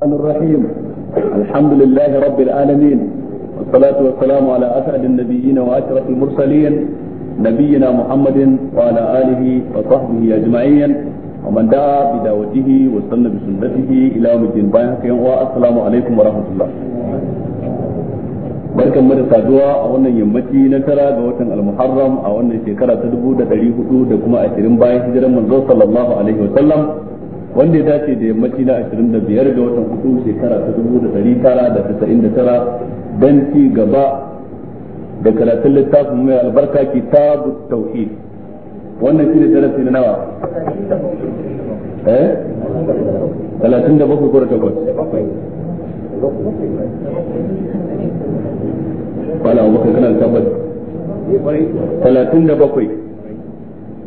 الرحمن الرحيم الحمد لله رب العالمين والصلاة والسلام على أسعد النبيين وأشرف المرسلين نبينا محمد وعلى آله وصحبه أجمعين ومن دعا بدعوته واستنى بسنته إلى يوم الدين بايعك والسلام عليكم ورحمة الله barkan mu da saduwa a wannan yammaci na tara ga watan al-muharram a wannan shekara ta dubu da ɗari hudu da kuma ashirin bayan hijiran manzo sallallahu alaihi wasallam wanda ya dace da yammaci na 25 ga watan hudu shekara ta dubu da da da tara tara don ci gaba da karatun littafin mai albarka ta tauhid wannan shine darasi na nawa eh 37 ko 8 wala abubakar kana da 37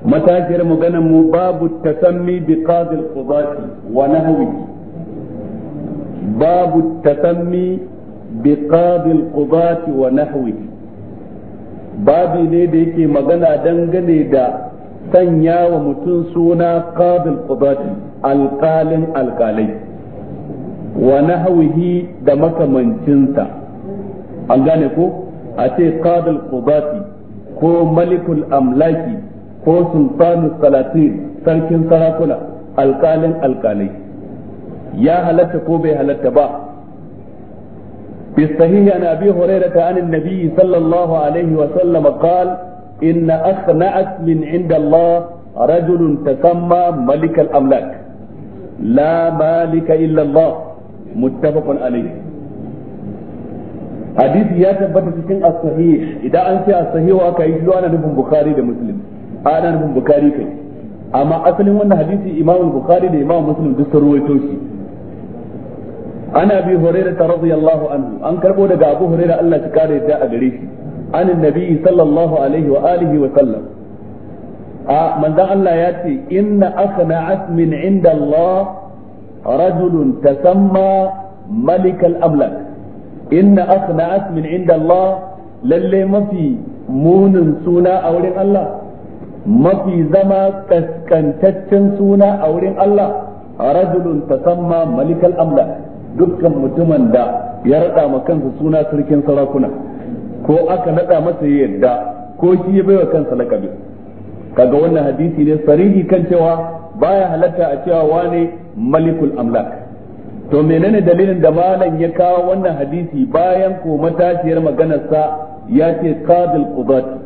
matashiyar maganan mu babu tasammi bi qadil qudati wa nahwi babu tasammi bi qadil qudati wa nahwi babu ne da yake magana dangane da sanya wa mutum suna qadil qudati alqalin alqalai wa nahwihi da makamancinsa an gane ko a ce qadil qudati ko malikul amlaki ko sultanu salatin sarkin sarakuna alkalin alkalai ya halatta ko bai halatta ba في الصحيح عن ابي هريره عن النبي صلى الله عليه وسلم قال ان اخنعت من عند الله رجل تسمى ملك الاملاك لا مالك الا الله متفق عليه حديث يا تبت cikin as idan an ce as-sahih aka yi nufin bukhari da muslim ana nufin bukari kai amma asalin wannan hadisi imam bukari da imam muslim duk sun ruwaito shi ana bi hurairah radiyallahu anhu an karbo daga abu hurairah Allah ya kare da a gare shi an annabi sallallahu alaihi wa alihi wa sallam a manzon Allah ya ce inna akhna'at min inda Allah tasamma malik al inna akhna'at min inda lalle mafi munin suna a wurin Allah mafi zama kaskantaccen suna a wurin Allah rajulun tasamma malikal amla dukkan mutumin da ya rada ma kansa suna sarkin sarakuna ko aka nada masa yadda ko shi ya baiwa kansa lakabi kaga wannan hadisi ne sarihi kan cewa baya halatta a cewa wane malikul amlak to menene dalilin da malam ya kawo wannan hadisi bayan ko matashiyar maganarsa ya ce qadil qudati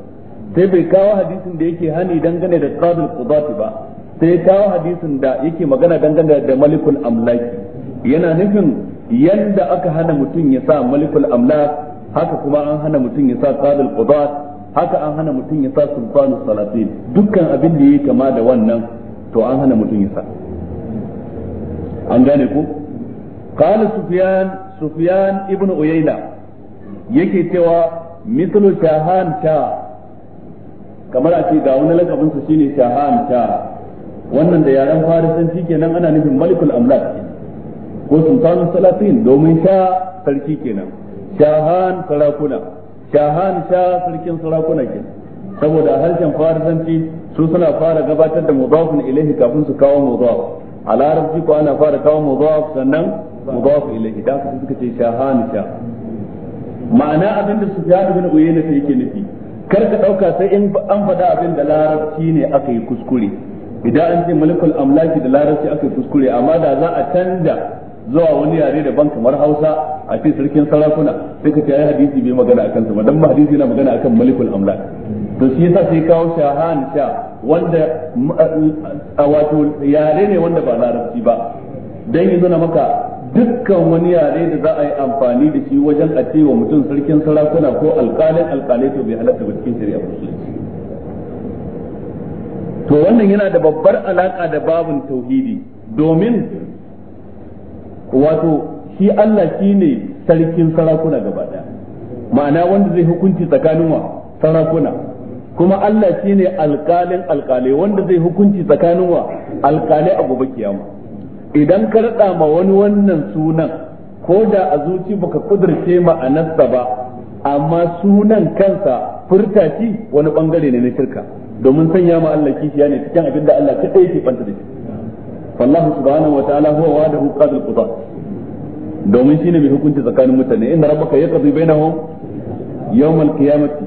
sai bai kawo hadisin da yake hani dangane da qadul qudati ba sai kawo hadisin da yake magana dangane da malikul amlaki yana nufin yanda aka hana mutum ya sa malikul amlak haka kuma an hana mutum ya sa qadul qudat haka an hana mutum ya sa sultanus salatin dukkan abin da yake kama da wannan to an hana mutum ya sa an gane ku qala sufyan sufyan ibnu uyayna yake cewa mithlu shahan sha kamar a ce ga wani lakabin sa shine shahan sha wannan da yaren farisanci kenan ana nufin malikul amlak ko sultanul salatin domin sha sarki kenan shahan sarakuna shahan sha sarkin sarakuna kenan saboda harshen farisanci su suna fara gabatar da mudafin ilahi kafin su kawo mudaf a larabci ko ana fara kawo mudaf sannan mudaf ilahi da suka ce shahan sha ma'ana abinda sufyan ibn uyayna yake nufi kar ka dauka sai in an faɗa abin da larabci ne aka yi kuskure idan an ce mulkul amlaki da larabci aka yi kuskure amma da za a canja zuwa wani yare daban kamar Hausa a ce sarkin sarakuna sai ka ce hadisi bai magana akan sa dan ba hadisi yana magana akan mulkul amlak to shi yasa sai kawo shahan sha wanda wato yare ne wanda ba larabci ba dan yanzu na maka dukkan wani yare da za a yi amfani da shi wajen a wa mutum sarkin sarakuna ko alƙalin alƙalai to bai halatta ba cikin shari'a musulunci to wannan yana da babbar alaƙa da babun tauhidi domin wato shi Allah shi ne sarkin sarakuna gaba daya ma'ana wanda zai hukunci tsakanin wa sarakuna kuma Allah shi ne alƙalin alƙalai wanda zai hukunci tsakanin wa alƙalai a gobe kiyama idan ka rada ma wani wannan sunan ko da a zuci baka kudurce ma'anarsa ba amma sunan kansa furta shi wani bangare ne na shirka domin sanya ma Allah kishiya ne cikin abin da Allah kadai yake banta da shi wallahu subhanahu wa ta'ala huwa wadahu qadul qada domin shine mai hukunci tsakanin mutane inna rabbaka yaqdi bainahum yawmal qiyamati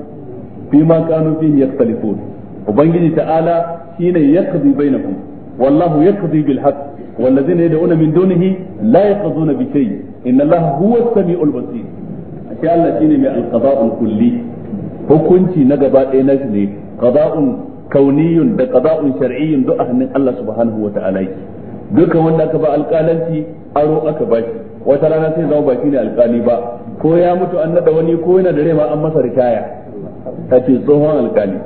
bima kanu fihi yakhtalifun ubangiji ta'ala shine yaqdi bainahum والله يقضي بالحق والذين يدعون من دونه لا يقضون بشيء إن الله هو السميع البصير أشياء الله شيني من القضاء الكلي hukunci na gaba ɗaya na ne qada'un kauniyun da qada'un shar'iyyun duk hannun Allah subhanahu wata'ala yake dukan wanda aka ba alƙalanci aro aka ba shi wata rana sai zama ba ne alƙali ba ko ya mutu an nada wani ko yana da rema an masa ritaya ta ce tsohon alƙali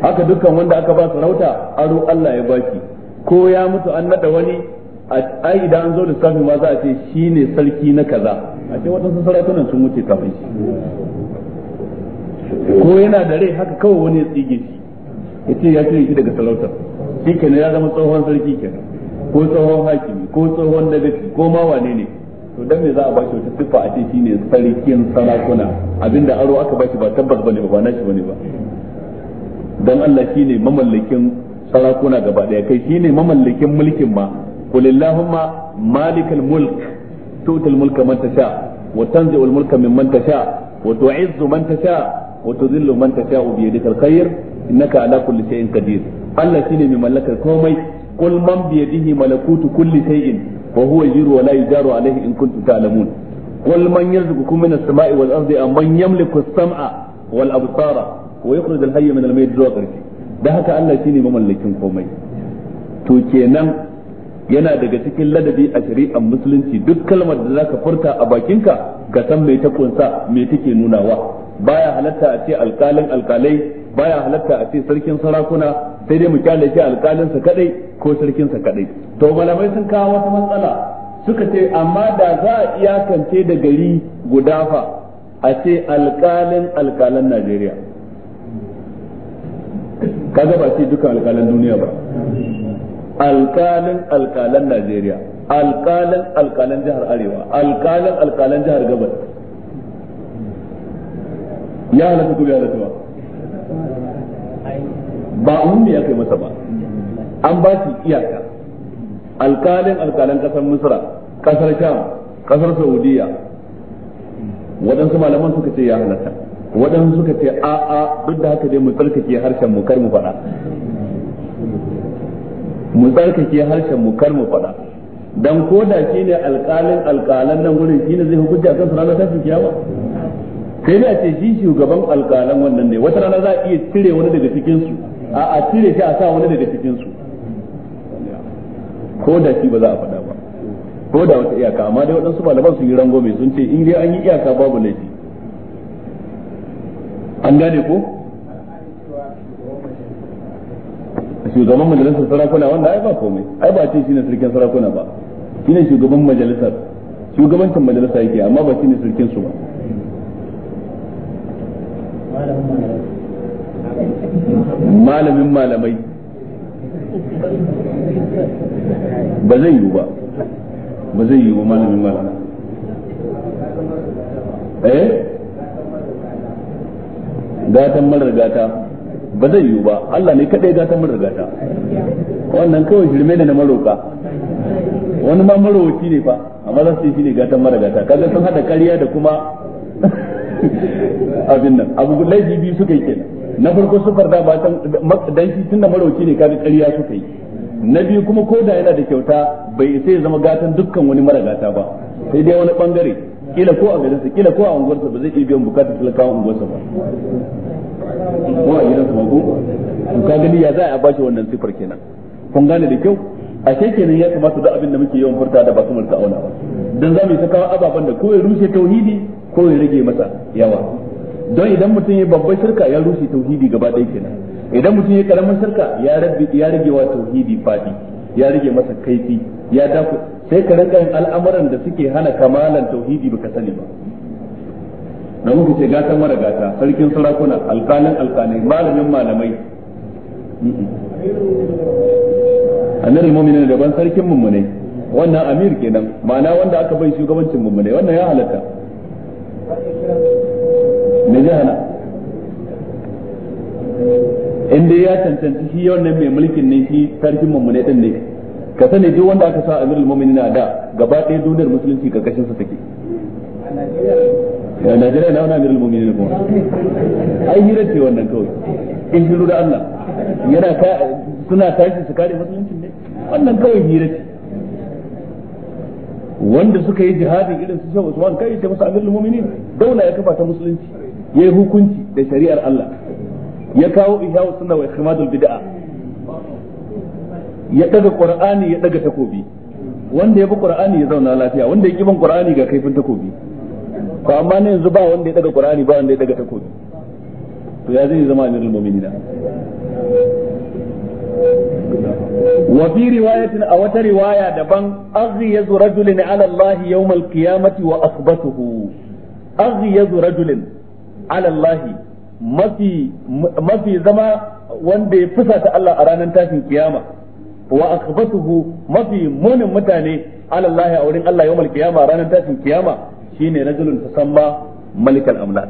haka dukkan wanda aka ba sarauta aro Allah ya baki ko ya mutu an nada wani ai idan an zo lissafi ma za a ce shine sarki na kaza a ce waɗansu sarakunan sun wuce kafin shi ko yana da rai haka kawai wani ya tsige shi ya ce ya cire shi daga talautar shi kenan ya zama tsohon sarki kenan ko tsohon hakimi ko tsohon dagaci ko ma wane ne to dan me za a bashi wata siffa a ce shine sarkin sarakuna abinda aro aka bashi ba tabbas bane ba ba shi bane ba dan Allah shine mamallakin sarakuna gaba daya kai shine mamallakin mulkin ma qul illahumma malikal mulk tutul mulka man tasha wa tanzi'ul mulka mimman tasha wa tu'izzu man tasha wa tudhillu man tasha bi yadikal khair innaka ala kulli shay'in qadir Allah shine mai mallakar komai qul man bi yadihi malakutu kulli shay'in wa huwa yajiru wa la yajaru alayhi in kuntum ta'lamun قل من يرزقكم من السماء والأرض أم من يملك da haka Allah shine mamallakin komai to kenan yana daga cikin ladabi a shari'ar musulunci duk kalmar da zaka furta a bakinka ka san mai ta kunsa mai take nunawa baya halatta a ce alkalin alkalai baya halatta a ce sarkin sarakuna sai dai mu kyale shi alkalin sa kadai ko sarkin sa kadai to malamai sun kawo wata matsala suka ce amma da za a iyakance da gari guda fa a ce alkalin alkalan Najeriya kaga ba sai duka alƙalan duniya ba alƙalin alƙalan Najeriya alƙalan alƙalan jihar Arewa alƙalan alƙalan jihar Gabas ya halatta ku ya halatta ba ba ummi ya kai masa ba an ba shi iyaka alƙalin alƙalan kasar Misra kasar Sham kasar Saudiya waɗansu malaman suka ce ya halatta waɗansu suka ce a a duk da haka dai mu tsarkake harshen mu kar mu faɗa mu tsarkake harshen mu kar mu faɗa dan ko da shine alƙalin alƙalan nan gurin shine zai hukunta kan su ranar tashin kiyama sai a ce shi shugaban alƙalan wannan ne wata rana za a iya cire wani daga cikin su a a cire shi a sa wani daga cikin su ko da shi ba za a faɗa ba ko da wata iyaka amma dai waɗansu malaman sun yi rango mai sun ce in dai an yi iyaka babu laifi an gane ko shugaban majalisar sarakuna wanda ai ba komai ai ba ce shine sarkin sarakuna ba shine shugaban majalisar shugabancin majalisa yake amma ba shine sarkin su ba malamin malamai ba zai yiwu ba ba zai yiwu malamin malamai eh gatan marar gata ba zai yiwu ba Allah ne kadai gatan marar gata wannan kawai shirme ne na maroka wani ma marowaci ne fa amma za su yi shine gatan marar gata kaga sun hada ƙarya da kuma abin nan abu laifi biyu suka yi kenan na farko sufar da ba san dan shi tunda marowaci ne kaga ƙarya suka yi na biyu kuma ko da yana da kyauta bai sai ya zama gatan dukkan wani maragata ba sai dai wani bangare kila ko a garinsa kila ko a unguwarsa ba zai iya biyan bukatar talakawa unguwarsa ba ko a gidansa ba ko ka gani ya za a bashi wannan sifar kenan kun gane da kyau a ke kenan ya kamata da abin da muke yawan furta da ba su mulka auna ba dan zamu ta kawo ababen da ko ya rushe tauhidi ko ya rage masa yawa don idan mutum ya babban shirka ya rushe tauhidi gaba ɗaya kenan idan mutum ya karamin shirka ya rage wa tauhidi fadi ya rage masa kaifi ya dafu sai ka rinka yin al'amuran da suke hana kamalan tauhidi baka sani ba na muku ce gata mara gata sarkin sarakuna alkalin alkalai malamin malamai annar ne daban sarkin mummunai wannan amir kenan ma'ana wanda aka bai shugabancin mummunai wannan ya halatta me zai hana in dai ya cancanci shi nan mai mulkin ne shi sarkin mummune din ne ka sani duk wanda aka sa amirul mu'minin a da gaba ɗaya duniyar musulunci kashin sa take a Najeriya na wani amirul mu'minin kuma ai hirar ce wannan kawai in shi da Allah yana ka suna tashi su kare musulunci ne wannan kawai hirar ce wanda suka yi jihadin irin su Shehu Usman kai ta musu amirul mu'minin daula ya kafa ta musulunci yayi hukunci da shari'ar Allah ya kawo ihya'u sunna wa ikhmadul bid'a ya daga qur'ani ya daga takobi wanda ya bi qur'ani ya zauna lafiya wanda ya kiban qur'ani ga kaifin takobi to amma ne yanzu ba wanda ya daga qur'ani ba wanda ya daga takobi to ya zai zama amirul mu'minina wa fi riwayatin a wata riwaya daban yazu rajulin ala Allah yawmal qiyamati wa asbatuhu yazu rajulin ala Allah mafi mafi zama wanda ya ta Allah a ranar tashin kiyama wa akhbatuhu mafi munin mutane ala a wurin Allah yawmal kiyama ranar tashin kiyama shine rajulun tasamma malikal amlak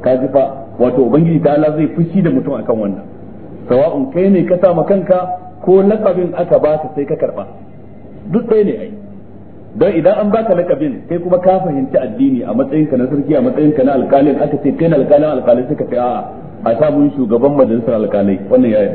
kaji fa wato ubangiji ta Allah zai fushi da mutum akan wannan sawa'un kai ne ka sa kanka ko lakabin aka baka sai ka karba duk ɗaya ne ai don idan an baka lakabin kai kuma ka fahimci addini a matsayin ka na sarki a matsayin ka na alƙalin aka ce kai na alƙalin alƙalai suka ce a'a a sa mun shugaban majalisar alƙalai wannan yaya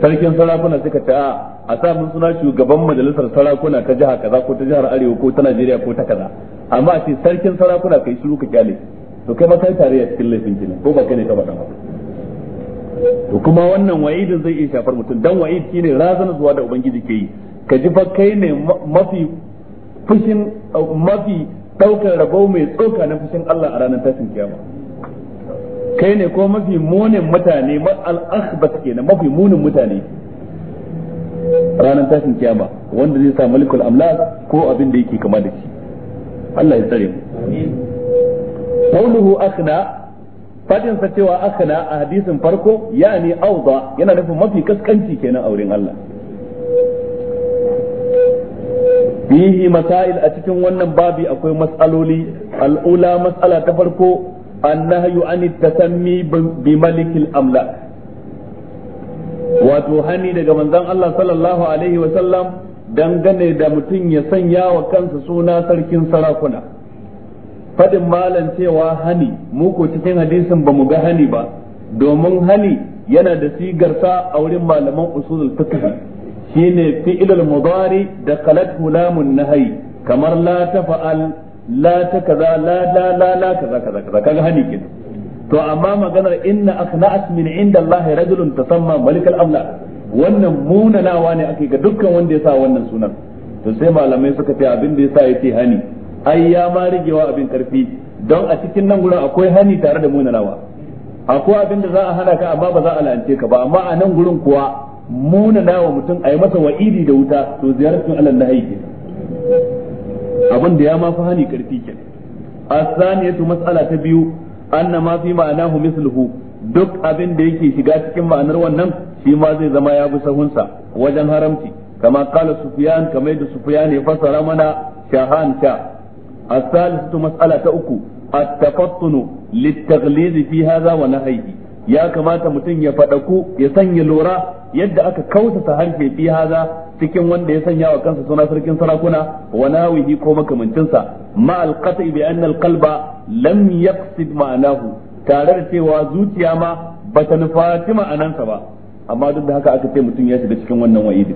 sarkin sarakuna suka ce a'a a sa mun suna shugaban majalisar sarakuna ta jiha kaza ko ta jihar arewa ko ta Najeriya ko ta kaza amma a ce sarkin sarakuna kai shiru ka kyale to kai ma kai tarayya cikin laifin kina ko ba kai ne ka ba to kuma wannan wa'idin zai iya shafar mutum dan wa'id shine razana zuwa da ubangiji ke yi ka ji fa kai ne mafi fushin uh, mafi daukar rabo mai tsoka na fushin Allah a ranar tashin kiyama kai ne ko mafi munin mutane al-akhbas kenan mafi munin mutane ranar tashin kiyama wanda zai sa malikul amlak ko abin da yake kama da shi Allah ya tsare mu qawluhu akhna fadin sa cewa akhna a hadisin farko yani awda yana nufin mafi kaskanci kenan auren Allah fihi masail a cikin wannan babi akwai mas'aloli al'ula mas'ala ta farko annahyu an tasammi bi malikil amla wato hani daga manzon Allah sallallahu alaihi wa sallam dangane da mutum ya sanya wa kansa suna sarkin sarakuna fadin malan cewa hani mu ko cikin hadisin bamu ga hani ba domin hani yana da sigarsa a wurin malaman usulul fiqh shine fi'ilul mudari da qalatu lamun nahyi kamar la tafa'al la ta kaza la la la la kaza kaza kaza kaga hani kin to amma maganar inna akhna'at min indallahi rajulun tasamma malikal amla wannan munanawa ne ake ga dukkan wanda ya sa wannan sunan to sai malamai suka ce abin da yasa yace hani ai ya ma rigewa abin karfi don a cikin nan gurin akwai hani tare da munanawa akwai abin da za a hana ka amma ba za a la'ance ka ba amma a nan gurin kuwa munana wa mutum a yi masa wa'idi da wuta to ziyaratun alal na haike abin da ya ma fi hani karfi ke asaniyatu mas'ala ta biyu anna ma fi ma'anahu misluhu duk abin da yake shiga cikin ma'anar wannan shi ma zai zama ya bi sahunsa wajen haramci kama kala sufyan kamar da sufyan ya fasara mana shahan sha asalisatu mas'ala ta uku at-tafattunu lit-taghliz fi hadha wa nahyi ya kamata mutum ya faɗaku ya sanya lura yadda aka kautata harshe fi haza cikin wanda ya sanya wa kansa suna sarkin sarakuna wa nawihi ko makamancinsa ma alqati bi anna alqalba lam yaqsid ma'anahu tare da cewa zuciya ma bata nufaci ma'anansa ba amma duk da haka aka ce mutum ya shiga cikin wannan wa'idi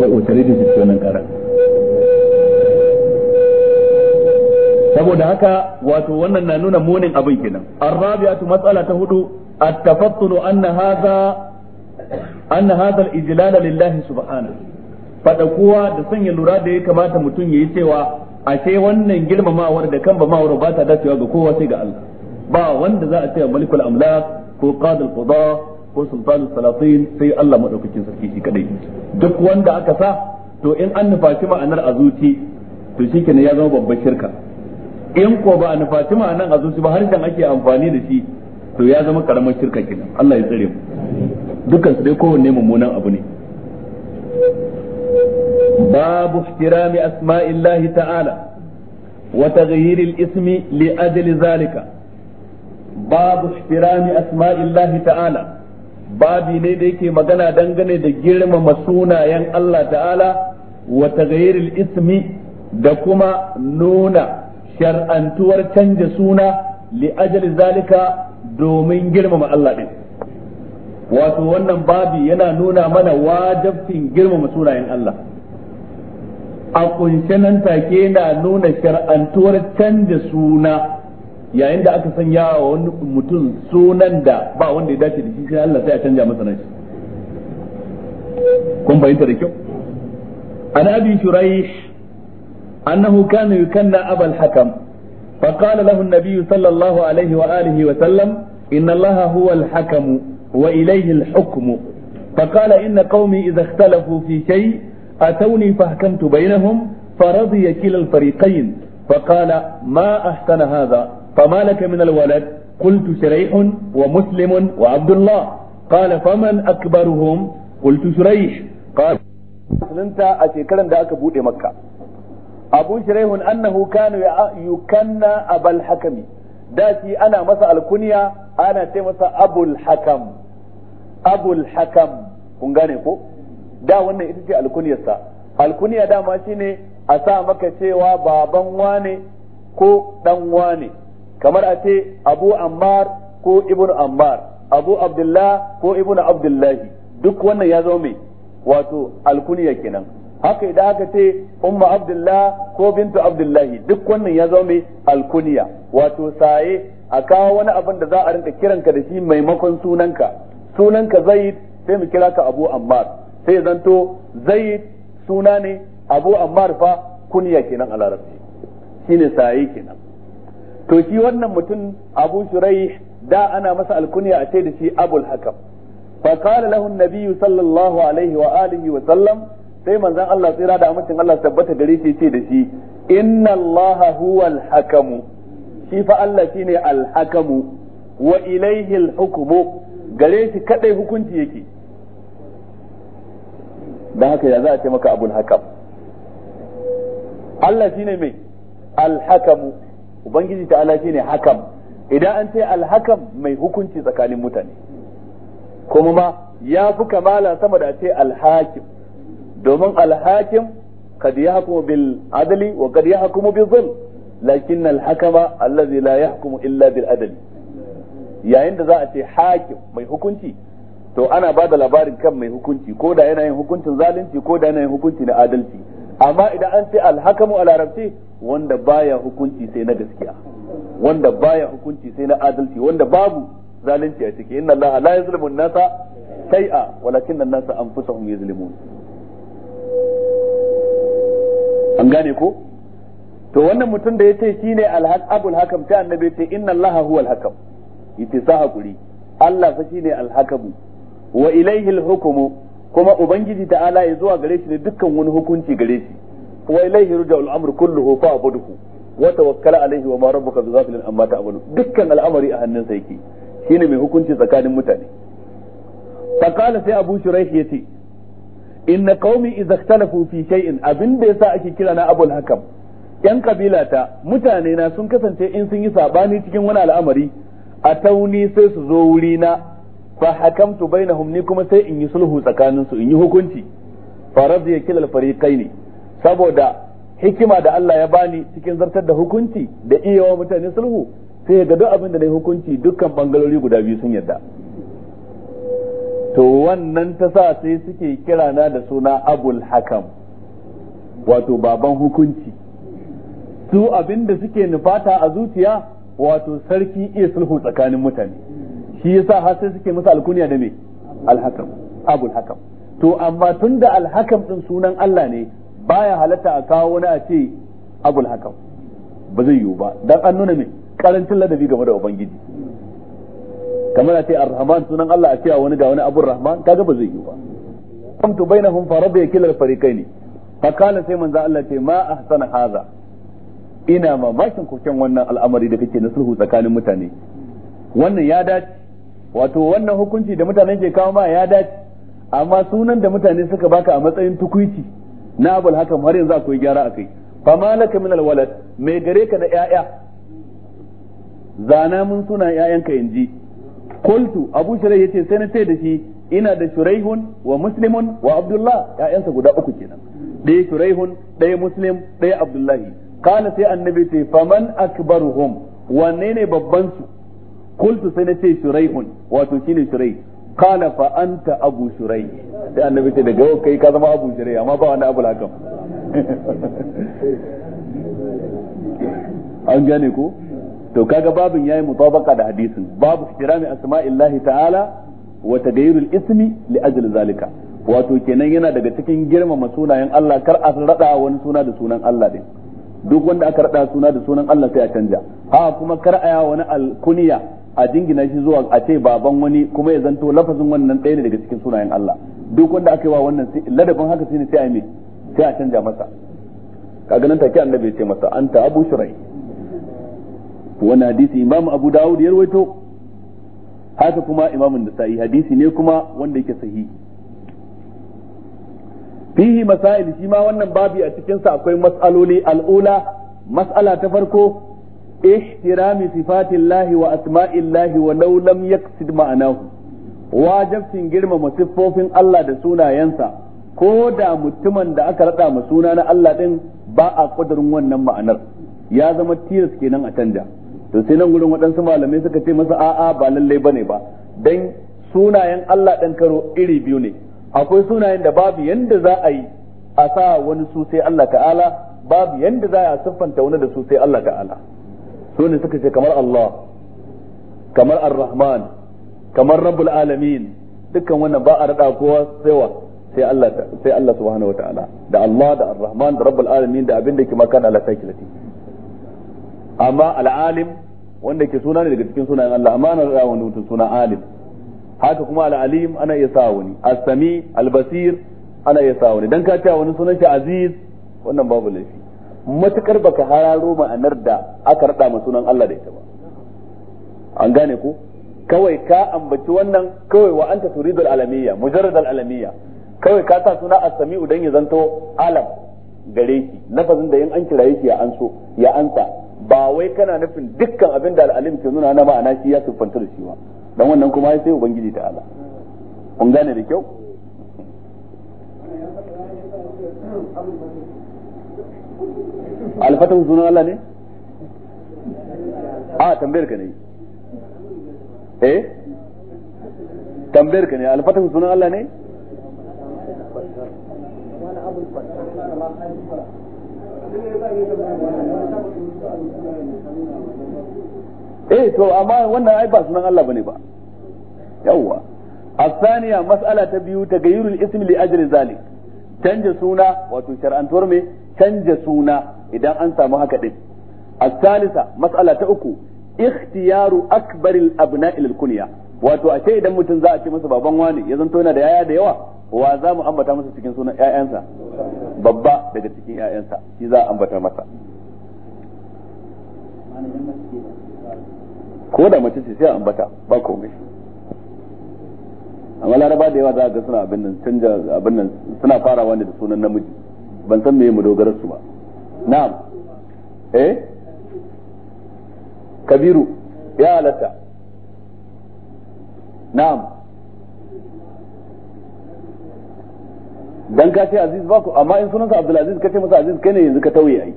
wai wace rijin shi wannan karan saboda haka wato wannan na nuna munin abin kenan arrabiatu matsala ta hudu at-tafattulu anna hadha anna hadha al-ijlal lillahi subhanahu fada kowa da sanya lura da ya kamata mutum yayi cewa ashe wannan girmamawar da kan bamawar ba ta dacewa ga kowa sai ga Allah ba wanda za a ce malikul amlak ko qadil qada ko sultanul salatin sai Allah madaukakin sarki shi kadai duk wanda aka sa to in an nufaci ma'anar zuci to shikenan ya zama babban shirka in ko ba a nufaci ma'anan a zuci ba har dan ake amfani da shi to ya zama karamar shirka kenan Allah ya tsare mu dukkan su dai kowanne mummunan abu ne babu ihtirami asma'illahi ta'ala wa taghyiril ismi li ajli zalika babu ihtirami asma'illahi ta'ala babi ne da yake magana dangane da girmama sunayen Allah ta'ala wa taghyiril ismi da kuma nuna shar'antuwar canja suna li ajali zalika domin girmama Allah din wato wannan babi yana nuna mana wajabcin girmama sunayen Allah a kunshe nan take yana nuna shar'antuwar canja suna yayin da aka sanya wa wani mutum sunan da ba wanda ya dace da shi sai Allah sai a canja masa nashi kun fahimta da kyau an abi shuraish أنه كان يكنى أبا الحكم فقال له النبي صلى الله عليه وآله وسلم إن الله هو الحكم وإليه الحكم فقال إن قومي إذا اختلفوا في شيء أتوني فحكمت بينهم فرضي كلا الفريقين فقال ما أحسن هذا فما لك من الولد قلت شريح ومسلم وعبد الله قال فمن أكبرهم قلت شريح قال musulunta a shekaran da aka bude makka abu shiraihun annahu kana yukanna abal hakami da shi ana masa alkunya ana ce masa abul hakam abul hakam kun gane ko da wannan ita ce alkunyarsa alkunya dama shine a sa maka cewa baban wane ko dan wane kamar a ce abu ammar ko ibnu ammar abu abdullah ko ibnu abdullahi duk wannan ya zo mai wato alkunya kenan haka idan aka ce umma abdullah ko bintu abdullahi duk wannan ya zama mai alkuniya wato saye a kawo wani abin da za a rinka kiranka da shi maimakon sunanka sunanka zaid sai mu kira ka abu ammar sai zanto zaid suna ne abu ammar fa kunya kenan a larabci shine saye kenan to shi wannan mutum abu shurai da ana masa alkunya a ce da shi abul hakam fa qala lahu an-nabiy sallallahu alaihi wa alihi wa sallam sai manzon Allah tsira da amincin Allah tabbata gare shi ce da shi inna Allah huwal hakamu shi fa Allah shine al-hakamu wa ilayhi al-hukmu gare shi kadai hukunci yake dan haka ya za a ce maka abul hakam Allah shine mai al-hakamu ubangiji ta'ala shine hakam idan an ce al-hakam mai hukunci tsakanin mutane kuma ma ya fi kamala sama da ce al-hakim domin alhakim kad yahkumu bil adli wa kad yahkumu bil zulm lakin al hakama allazi la yahkumu illa bil adli yayin da za a ce hakim mai hukunci to ana ba da labarin kan mai hukunci ko da yana yin hukuncin zalunci ko da yana yin hukunci na adalci amma idan an ce alhakamu a larabci wanda baya hukunci sai na gaskiya wanda baya hukunci sai na adalci wanda babu zalunci a ciki inna allaha la yuzlimu an-nasa shay'a walakin an-nasa anfusahum yuzlimun an gane ko to wannan mutum da yace shine al-haq abul hakam ta annabi yace inna allaha huwa alhakam yace sa hakuri Allah fa shine al wa ilayhi kuma ubangiji ta'ala ya zuwa gare shi ne dukkan wani hukunci gare shi wa ilayhi ruja'ul amru kulluhu fa abuduhu wa tawakkala alayhi wa ma rabbuka bighafilin amma ta'malu dukkan al'amari a hannun sa yake shine mai hukunci tsakanin mutane fa qala sai abu shuraih yace inna qaumi idza ikhtalafu fi shay'in abinda yasa ake kira na abul hakam yan kabilata mutane na sun kasance in sun yi sabani cikin wani al'amari a tauni sai su zo wuri na fa hakamtu bainahum ni kuma sai in yi sulhu tsakanin su in yi hukunci fa radiya kai fariqaini saboda hikima da Allah ya bani cikin zartar da hukunci da iyawa mutane sulhu sai ga duk abin da na hukunci dukkan bangarori guda biyu sun yarda to wannan ta sa sai suke kira na da suna abul hakam wato baban hukunci su abinda suke nufata a zuciya wato sarki iya sulhu tsakanin mutane shi yasa har sai suke masa alkuniya da me alhakam abul hakam to amma tunda alhakam din sunan Allah ne baya halatta a kawo wani a ce abul hakam ba zai yiwu ba dan an nuna me karancin ladabi game da ubangiji kamar a ce ar-rahman sunan Allah a cewa wani ga wani abu rahman kaga ba zai yi ba kuntu bainahum fa rabbi al fariqaini fa kana sai manzo Allah ce ma ahsana hadha ina mamakin kokin wannan al'amari da kake na sulhu tsakanin mutane wannan ya dace wato wannan hukunci da mutanen ke kawo ma ya dace amma sunan da mutane suka baka a matsayin tukuici na abul hakan har yanzu akwai gyara akai fa malaka min walad mai gare ka da yaya zana mun suna 'ya'yan ka, inji Kultu abu shirai yace sai na ce da shi ina da shuraihun wa muslimun wa abdullah ya'yansa guda uku kenan ɗaya shuraihun ɗaya muslim ɗaya abdullahi kana sai annabi ce faman akbaruhum wanne ne babban su kultu sai na ce shuraihun wato shine shurai kana fa anta abu shurai sai annabi ce daga yau kai ka zama abu shurai amma ba wani Abu lakam? an gane ko to kaga babin yayi mutabaka da hadisin babu ihtirami asma'illahi ta'ala wa taghayyurul ismi li ajli zalika wato kenan yana daga cikin girmama sunayen Allah kar a rada wani suna da sunan Allah din duk wanda aka rada suna da sunan Allah sai a canja ha kuma kar a wani alkuniya a jingina shi zuwa a ce baban wani kuma ya zanto lafazin wannan ɗaya ne daga cikin sunayen Allah duk wanda aka yi wa wannan ladabin haka sai ne sai a me sai a canja masa kaga nan take annabi ya ce masa anta abu shurai wani hadisi imamu abu dawud ya rawaito haka kuma da nasa'i hadisi ne kuma wanda yake sahihi fihi masail shi ma wannan babi a cikinsa akwai matsaloli al'ula mas'ala ta farko ihtirami sifatillahi wa asma'illahi wa law lam yaksid ma'anahu wajibcin girmama siffofin Allah da sunayensa ko da mutumin da aka rada ma suna na Allah din ba a kudurin wannan ma'anar ya zama tilas kenan a canja to sai nan gurin waɗansu malamai suka ce masa a'a ba lallai bane ba dan sunayen Allah dan karo iri biyu ne akwai sunayen da babu yanda za a yi a sa wani su sai Allah ta'ala babu yanda za a siffanta wani da su sai Allah ta'ala su ne suka ce kamar Allah kamar Ar-Rahman kamar Rabbul Alamin dukkan wannan ba a rada kowa sai sai Allah sai Allah subhanahu wataala da Allah da Ar-Rahman da Rabbul Alamin da abin da ke makana Allah sai kilati amma al'alim wanda ke suna ne daga cikin sunayen Allah amma ana sa wani mutum suna alim haka kuma al'alim ana iya sa wani as-sami al-basir ana iya sa wani dan ka ta wani sunan shi aziz wannan babu laifi matukar baka hararo ma'anar da aka rada ma sunan Allah da ita ba an gane ku? kawai ka ambaci wannan kawai wa anta turidul alamiyya mujarradul alamiyya kawai ka sa suna as sami udan ya zanto alam gare shi lafazin da yin an kiraye shi ya anso ya ansa ba wai kana nufin dukkan abin da al'alim ke nuna na ma'ana shi ya siffanta da shi ba dan wannan kuma sai ubangiji ta ala kun gane da kyau alfatan sunan Allah ne a tambayar ka ne eh tambayar ka ne alfatan sunan Allah ne wani abul eh to amma wannan ai ba sunan Allah bane ba yawwa biyu ta تبيو ismi li ajri zalik canja suna wato shar'antuwar me canja suna idan an samu haka din asalisa mas'ala ta uku ikhtiyaru akbaril abna'i lil kunya wato a ce idan mutum za a ce masa baban wani ya zanto yana da yaya da yawa wa za mu ambata masa cikin sunan ƴaƴansa babba daga cikin ƴaƴansa shi za a ambata masa ko da mace ce sai an ambata ba komai amma laraba da yawa za a ga suna abin nan canja abin nan suna fara ne da sunan namiji ban san me mu dogarar su ba na'am eh kabiru ya alata na'am dan ka ce aziz ba ku amma in sunansa abdulaziz ka ce masa aziz kai ne yanzu ka tauye ai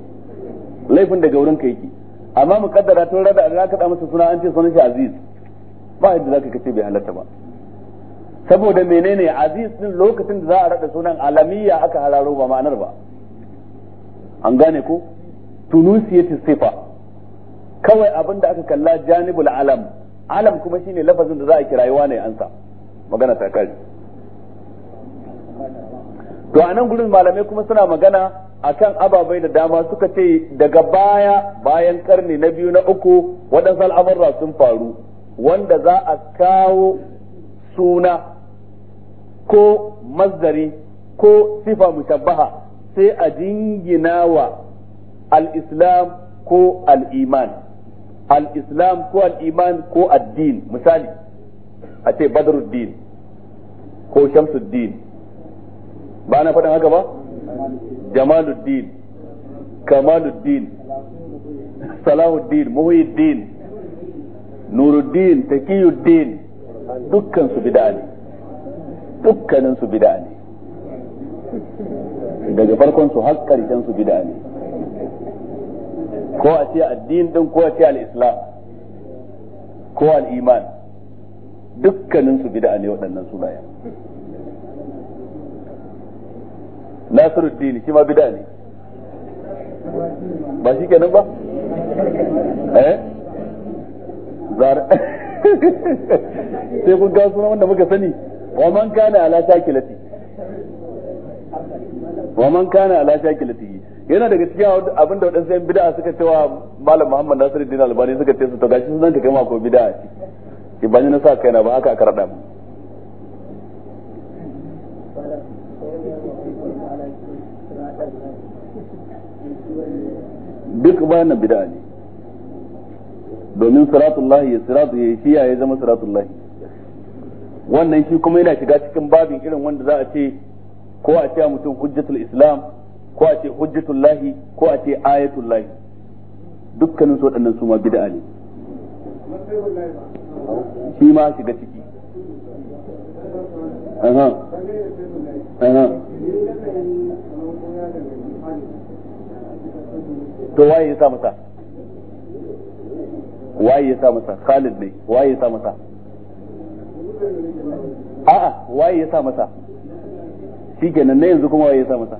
laifin daga wurin ka yake amma mu kaddara tun rada an ka da masa suna an ce sunan shi aziz ba yadda zaka kace bai halatta ba saboda menene aziz din lokacin da za a rada sunan alamiya aka hararo ba ma'anar ba an gane ko tunusiyati sifa kawai abin da aka kalla janibul alam alam kuma shine lafazin da za a kira ne ansa magana ta kai to anan gurin malamai kuma suna magana akan ababai da dama suka ce daga baya bayan karni na biyu na uku waɗansu al'amurra sun faru wanda za a kawo suna ko mazari ko sifa mushabbaha sai a jingina wa al'islam ko al'iman. Al'islam ko al'iman ko addin misali a ce badruddin ko shamsuddin ba na faɗin haka ba jamaluddin kamaluddin salahuddin muhiddin nuruddin taqiyuddin dukkan su bid'a ne dukkanin su bid'a ne daga farkon su har karshen su bid'a ne ko a ce addin din ko a ce al-islam ko al-iman dukkanin su bid'a ne waɗannan sunayen nasiruddin shi ma bid'a ne ba shi kenan ba eh zar sai kun ga sunan wanda muka sani wa man kana ala shakilati wa man kana ala shakilati yana daga cikin abin da waɗansu 'yan bid'a suka cewa malam muhammad nasiruddin albani suka ce su to gashi sunan ka kai ma ko bid'a ki ba ni na sa na ba haka aka rada mu duk wannan bid'a ne domin siratullahi ya siratu ya shi ya zama siratullahi wannan shi kuma yana shiga cikin babin irin wanda za a ce ko a ce mutum hujjatul islam ko a ce lahi ko a ce ayatul lahi dukkanin su waɗannan su ma bid'a ne shi ma shiga ciki aha aha to waye ya sa masa waye ya sa masa Khalid ne waye ya sa masa a'a waye ya sa masa shikenan na yanzu kuma waye ya sa masa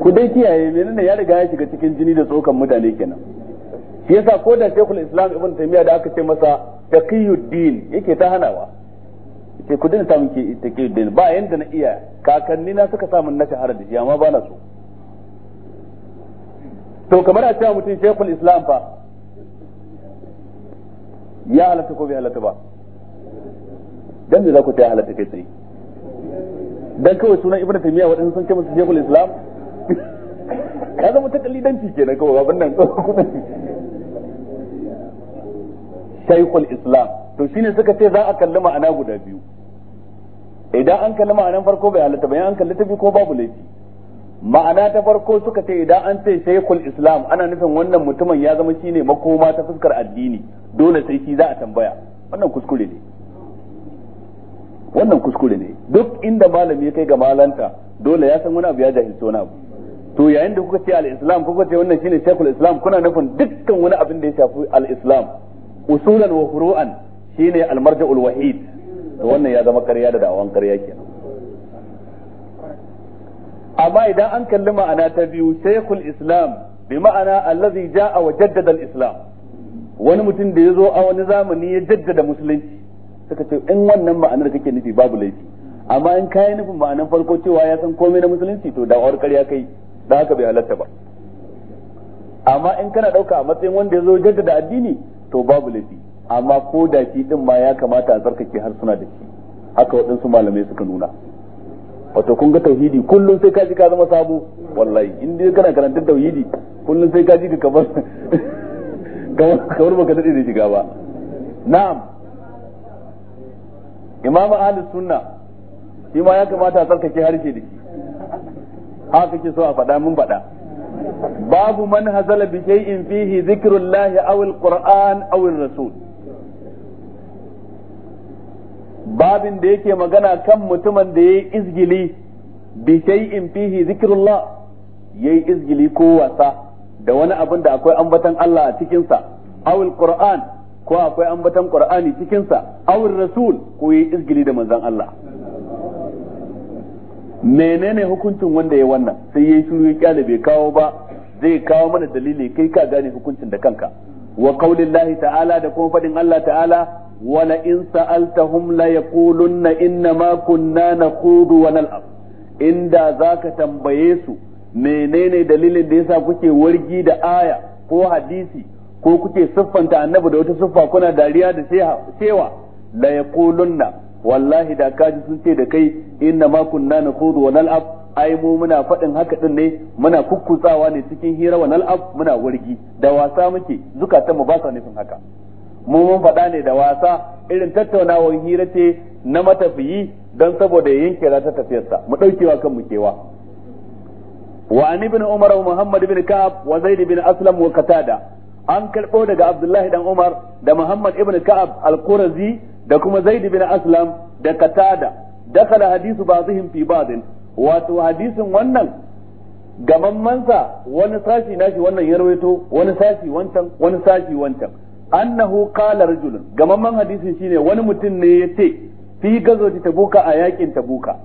ku dai kiyaye menene ya riga ya shiga cikin jini da tsokan mutane kenan shi yasa ko da Sheikhul Islam Ibn Taymiyyah da aka ce masa taqiyuddin yake ta hanawa ce ku dinga samun ke take din ba yanda na iya kakanni na suka samun na shahara da shi amma ba na so to kamar a cewa mutum shekul islam fa ya halatta ko bai halatta ba dan me za ku ta halatta kai tsaye dan kawai sunan ibnu taymiya wadannan sun ce musu shekul islam ka zama ta kallidanci kenan kawai abin nan ko. shaykhul islam to shine suka ce za a kalli ma'ana guda biyu idan an kalli ma'anan farko bai halatta bayan an kalli ta biyu ko babu laifi ma'ana ta farko suka ce idan an ce shaykhul islam ana nufin wannan mutumin ya zama shine makoma ta fuskar addini dole sai shi za a tambaya wannan kuskure ne wannan kuskure ne duk inda malami ya kai ga malanta dole ya san wani abu ya jahilci sona abu to yayin da kuka ce al-islam kuka ce wannan shine shaykhul islam kuna nufin dukkan wani abin da ya shafi al-islam usulan wa furu'an shine almarja'ul wahid to wannan ya zama ƙarya da da'awan ƙarya kenan amma idan an kalli ma'ana ta biyu shaykhul islam bi ma'ana allazi ja'a wa jaddada al-islam wani mutum da ya zo a wani zamani ya jaddada musulunci suka ce in wannan ma'anar kake nufi babu laifi amma in kai nufin ma'anar farko cewa ya san komai na musulunci to da karya ƙarya kai da haka bai halatta ba amma in kana ɗauka a matsayin wanda ya zo jaddada addini to babu laifi amma ko da shi din ma ya kamata a tsarkake har suna da shi haka waɗansu malamai suka nuna wato kun ga tauhidi kullum sai ka ji ka zama sabo wallahi in dai kana karantar tauhidi kullum sai ka ji ka kamar kamar baka dade da shiga ba na'am imam ahli sunna shi ma ya kamata a tsarkake harshe da shi haka kake so a faɗa mun faɗa babu man hazala bi shay'in fihi dhikrullah aw alquran aw rasul babin da yake magana kan mutumin da yayi izgili bi shay'in fihi dhikrullah yayi izgili ko wasa da wani abin da akwai ambatan Allah a cikin sa aw alquran ko akwai ambatan qur'ani cikin sa aw rasul ko yayi izgili da manzon Allah menene hukuncin wanda ya wannan sai yayi shiru ya kyale bai kawo ba zai kawo mana dalili kai ka gane hukuncin da kanka wa qaulillahi ta'ala da kuma fadin Allah ta'ala la in sa'altahum la yaqulunna inna ma kunna naqudu wa nal'ab inda zaka tambaye su menene dalilin da yasa kuke wargi da aya ko hadisi ko kuke siffanta annabi da wata siffa kuna dariya da cewa la yaqulunna wallahi da kaji sun ce da kai inna ma kunna naqudu wa nal'ab ai mu muna faɗin haka din ne muna kukkutsawa ne cikin hira wa nal'ab muna wargi da wasa muke zukatanmu ba sa nufin haka mu mun faɗa ne da wasa irin tattaunawar hira ce na matafiyi don saboda ya yanke ta tafiyarsa mu ɗaukewa kan mu kewa wa muhammad ibn ka'ab wa zaid ibn Aslam wa qatada an karɓo daga Abdullahi dan Umar da Muhammad ibn Ka'ab al-Qurazi da kuma Zaid ibn Aslam da Qatada dakala hadisu ba'dihim fi ba'din wato hadisin wannan gamammansa wani sashi nashi wannan ya rawaito wani sashi wancan wani sashi wancan annahu qala rajulun gamamman hadisin shine wani mutum ne ya ce fi gazoti tabuka a yakin tabuka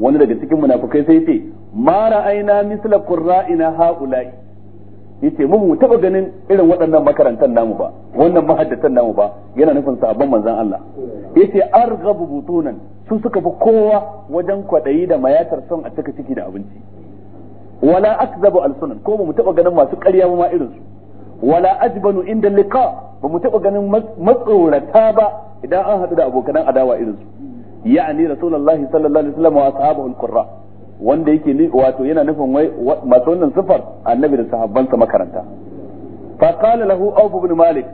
wani daga cikin munafukai sai ce ma ra'ayna misla qurra'ina haula'i yace mu taba ganin irin waɗannan makarantan namu ba wannan mahaddatan namu ba yana nufin sabon manzon Allah yace arghabu butunan Sun suka fi kowa wajen kwaɗayi da mayatar son a cika ciki da abinci wala akzabu alsunan ko ba mu taɓa ganin masu ƙarya ba ma su? wala ajbanu inda liqa ba mu taɓa ganin matsorata ba idan an haɗu da abokan adawa irin su? ya'ani rasulullahi sallallahu alaihi wasallam wa ashabahu alqurra wanda yake wato yana nufin wai masu wannan sifar annabi da sahabbansa makaranta fa qala lahu awf bin malik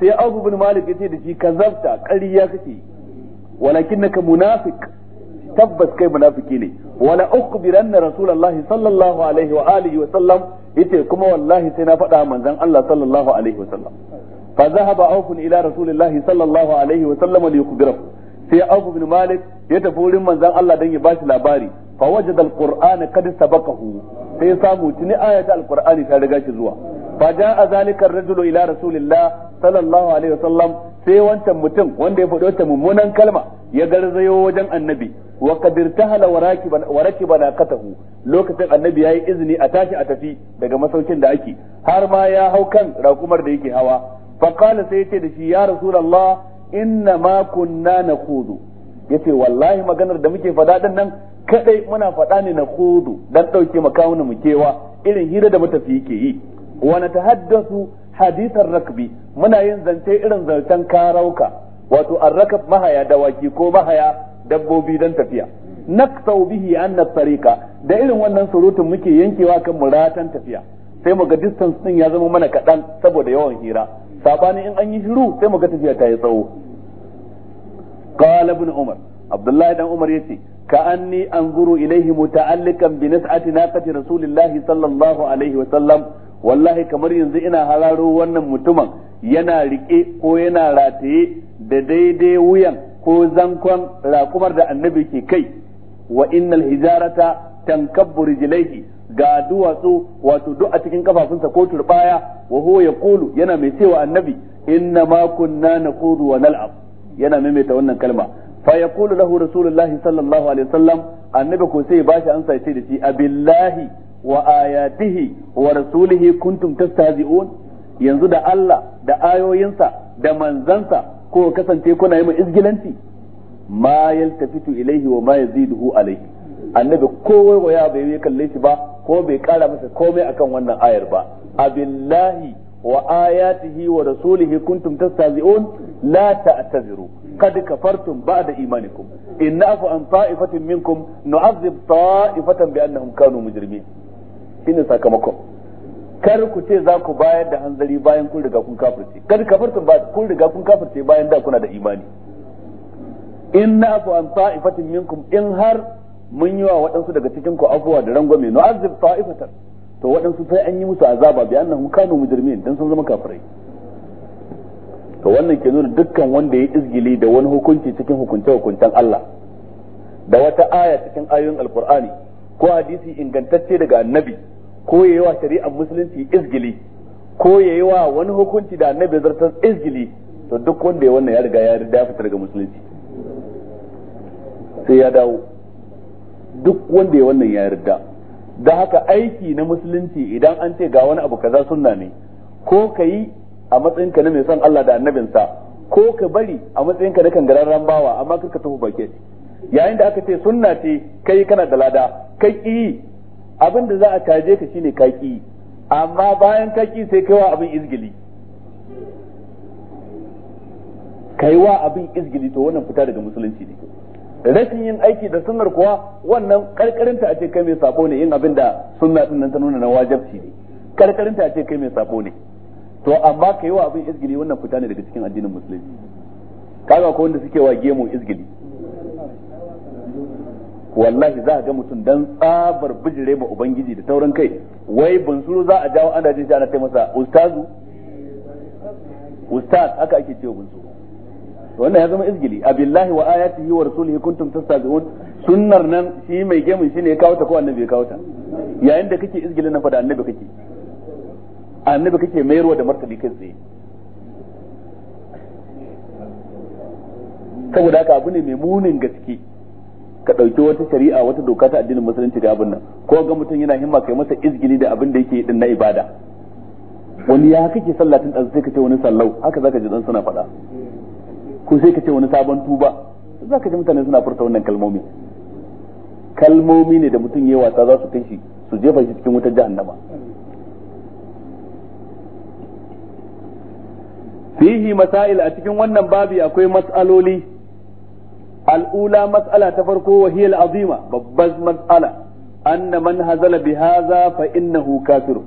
sai awf bin malik yace da shi kazabta ƙarya kake walakinnaka munafik tabbas kai munafiki ne wala ukhbiranna rasulullahi sallallahu alaihi wa sallam yace kuma wallahi sai na faɗa manzon Allah sallallahu alaihi wa sallam fa zahaba auf ila rasulillahi sallallahu alaihi wa sallam li yukhbirahu sai auf bin malik ya tafi wurin manzon Allah dan ya bashi labari fa wajada alqur'ana qad sabaqahu sai samu tuni ayata alqur'ani ta riga zuwa فجاء ذلك الرجل الى رسول الله صلى الله عليه وسلم sai wancan mutum wanda ya faɗo ta mummunan kalma ya garzayo wajen annabi wa qadir tahala wa rakiba katahu. lokacin annabi yayi izini a tashi a tafi daga masaukin da ake har ma ya hau kan rakumar da yake hawa fa qala sai yace da shi ya rasulullah inna ma kunna nakhudu yace wallahi maganar da muke fada din nan kadai muna faɗa ne nakhudu dan dauke makawunan mu kewa irin hira da matafi yake yi wa natahaddathu hadith ar-rakbi muna yin zance irin zancen karauka wato ar-rakab mahaya dawaki ko mahaya dabbobi don tafiya naksau bihi anna tariqa da irin wannan surutun muke yankewa kan muratan tafiya sai mu ga distance din ya zama mana kaɗan saboda yawan hira sabani in an yi shiru sai muga tafiya ta yi tsawo qala umar abdullahi dan umar yace كأني أنظر إليه متعلقا بنسعة ناقة رسول الله صلى الله عليه وسلم wallahi kamar yanzu ina hararo wannan mutumin yana riƙe ko yana rataye da daidai wuyan ko zankon raƙumar da annabi ke kai wa innal hijarata tankabbu rijlaihi ga duwatsu wato duk a cikin kafafunsa ko turbaya wa huwa yaqulu yana mai cewa annabi inna ma kunna naqudu wa nal'ab yana maimaita wannan kalma fa yaqulu lahu rasulullahi sallallahu alaihi wasallam annabi ko sai ya bashi ansa ya ce da shi abillahi wa wa rasulihi kuntum tastahzi'un yanzu da Allah da ayoyinsa da manzansa ko kasance kuna yi izgilanci ma yaltafitu ilaihi wa ma yaziduhu alaihi annabi kowai waya bai yi kalle shi ba ko bai kara masa komai akan wannan ayar ba abillahi wa ayatihi wa rasulihi kuntum tastahzi'un la ta'taziru قد كفرتم بعد إيمانكم إن نعفو عن طائفة منكم نعذب طائفة بأنهم كانوا مجرمين shine sakamakon kar ku ce za ku bayar da hanzari bayan kun riga kun kafirce kar kafartun ba kun riga kun kafirce bayan da kuna da imani in na afu an ta'ifatin minkum in har mun yi wa waɗansu daga cikin ku afuwa da rangwame no azib ta'ifatan to waɗansu sai an yi musu azaba bi annahum kanu mujrimin dan sun zama kafirai to wannan ke nuna dukkan wanda ya izgili da wani hukunci cikin hukunce hukuncen Allah da wata aya cikin ayoyin alqur'ani ko hadisi ingantacce daga annabi ko yi wa shari'ar musulunci izgili ko yi wa wani hukunci da annabi zartar izgili to duk wanda ya wannan ya riga ya riga ya fita daga musulunci sai ya dawo duk wanda ya wannan ya riga da haka aiki na musulunci idan an ce ga wani abu kaza sunna ne ko ka yi a matsayinka na mai son Allah da annabinsa ko ka bari a matsayinka na kangararren bawa amma karka tafi bakin yayin da aka ce sunna ce kai kana da lada kai ki abin da za a caje ka shine kaki amma bayan kaki sai kai wa abin izgili kai wa abin izgili to wannan fita daga musulunci ne rashin yin aiki da sunnar kuwa wannan karkarinta a ce kai mai sabo ne yin abin da sunna din nan ta nuna na wajabci ne karkarinta a ce kai mai sabo ne to amma kai wa abin izgili wannan fita ne daga cikin addinin musulunci kaga ko wanda suke wa gemu izgili wallahi za a ga mutum dan tsabar bijire ma ubangiji da taurin kai wai bunsuru za a jawo ana jin shi ana taimaka. masa ustazu ustaz haka ake cewa bunsuru wannan ya zama izgili abillahi wa ayatihi wa rasulihi kuntum tastazi'un sunnar nan shi mai gemin shine ya kawo ta ko annabi ya kawo ta yayin da kake izgili nan fa da annabi kake annabi kake mayarwa da martabi kai tsaye saboda haka abu ne mai munin gaske ka ɗauki wata shari'a wata doka ta addinin musulunci da abin nan ko ga mutum yana himma kai masa izgini da abin da yake din na ibada wani ya kake sallatin ɗan sai ka ce wani sallau haka zaka ji dan suna faɗa ko sai ka ce wani sabon tuba zaka ji mutane suna furta wannan kalmomi kalmomi ne da mutum yayi wasa za su kai shi su jefa shi cikin wutar jahannama fihi masail a cikin wannan babi akwai mas'aloli al'ula mas'ala ta farko wa hiya al'azima babbar mas'ala anna man hazala bi hadha fa innahu kafir